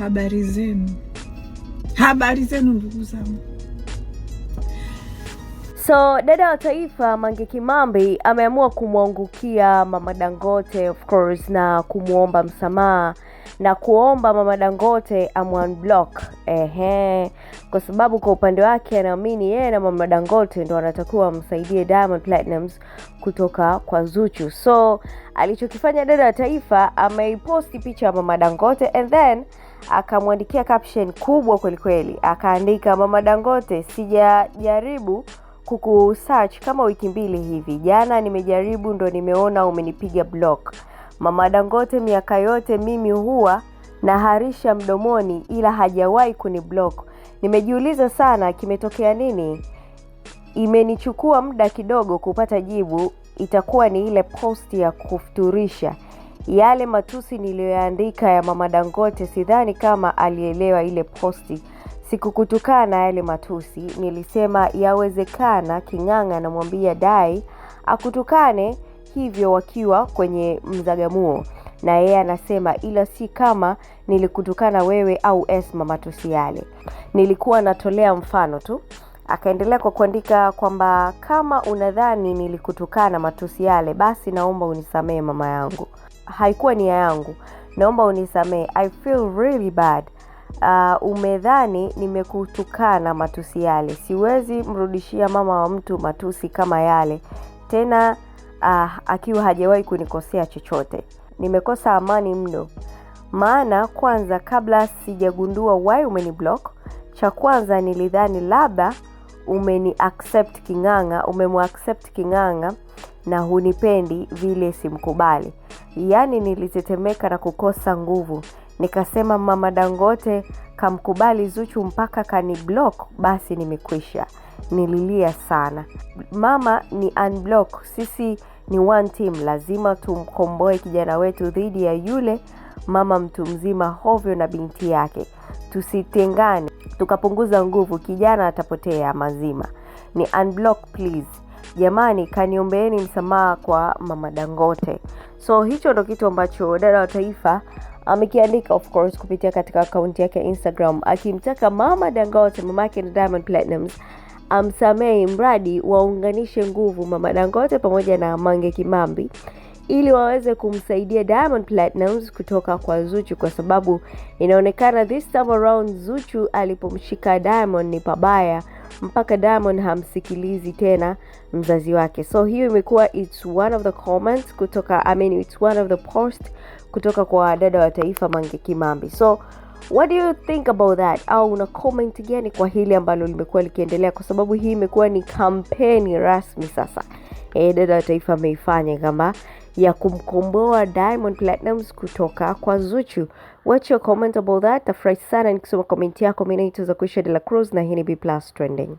habari zenu, habari zenu ndugu zangu. So dada wa taifa Mange Kimambi ameamua kumwangukia mama Dangote of course, na kumwomba msamaha na kuomba mama Dangote amunblock, ehe, kwa sababu kwa upande wake anaamini yeye na mama Dangote ndo anatakiwa amsaidie Diamond Platnumz kutoka kwa Zuchu. So alichokifanya dada wa taifa ameiposti picha ya mama Dangote and then akamwandikia caption kubwa kwelikweli, akaandika Mama Dangote, sijajaribu kukusearch kama wiki mbili hivi, jana nimejaribu ndo nimeona umenipiga block. Mama Dangote, miaka yote mimi huwa naharisha mdomoni, ila hajawahi kuniblock. Nimejiuliza sana kimetokea nini. Imenichukua muda kidogo kupata jibu, itakuwa ni ile post ya kufuturisha yale matusi niliyoyaandika ya mama Dangote, sidhani kama alielewa ile posti. Sikukutukana na yale matusi, nilisema yawezekana King'ang'a anamwambia Dai akutukane hivyo wakiwa kwenye mzagamuo, na yeye anasema ila si kama nilikutukana wewe au Esma. Matusi yale nilikuwa natolea mfano tu. Akaendelea kwa kuandika kwamba kama unadhani nilikutukana matusi yale, basi naomba unisamehe mama yangu haikuwa nia yangu, naomba unisamehe, I feel really bad. Uh, umedhani nimekutukana matusi yale. Siwezi mrudishia mama wa mtu matusi kama yale tena, uh, akiwa hajawahi kunikosea chochote. Nimekosa amani mno, maana kwanza, kabla sijagundua why umeniblock, cha kwanza nilidhani labda umeni accept king'ang'a, umemuaccept king'ang'a na hunipendi vile simkubali. Yaani nilitetemeka na kukosa nguvu. Nikasema mama Dangote kamkubali Zuchu mpaka kaniblock, basi nimekwisha. Nililia sana. Mama ni unblock, sisi ni one team, lazima tumkomboe kijana wetu dhidi ya yule mama mtu mzima hovyo na binti yake. Tusitengane, tukapunguza nguvu, kijana atapotea mazima. Ni unblock please jamani, kaniombeeni msamaha kwa mama Dangote. So hicho ndo kitu ambacho dada wa taifa amekiandika of course kupitia katika akaunti yake ya Instagram akimtaka mama Dangote, yake na Diamond Platnumz amsamehe, mradi waunganishe nguvu mama Dangote pamoja na Mange Kimambi ili waweze kumsaidia Diamond Platnumz kutoka kwa Zuchu, kwa sababu inaonekana this time around Zuchu alipomshika Diamond ni pabaya mpaka Diamond hamsikilizi tena mzazi wake. So hiyo imekuwa it's one of the comments kutoka I mean, it's one of the post kutoka kwa dada wa taifa Mange Kimambi. So what do you think about that? Au una comment gani kwa hili ambalo limekuwa likiendelea, kwa sababu hii imekuwa ni kampeni rasmi sasa. E, dada wa taifa ameifanya kama ya kumkomboa Diamond Platinums kutoka kwa Zuchu. What's your comment about that? Tafurahi sana nikisoma komenti yako. Mimi naitwa kuisha De La Cruz na hii ni B Plus Trending.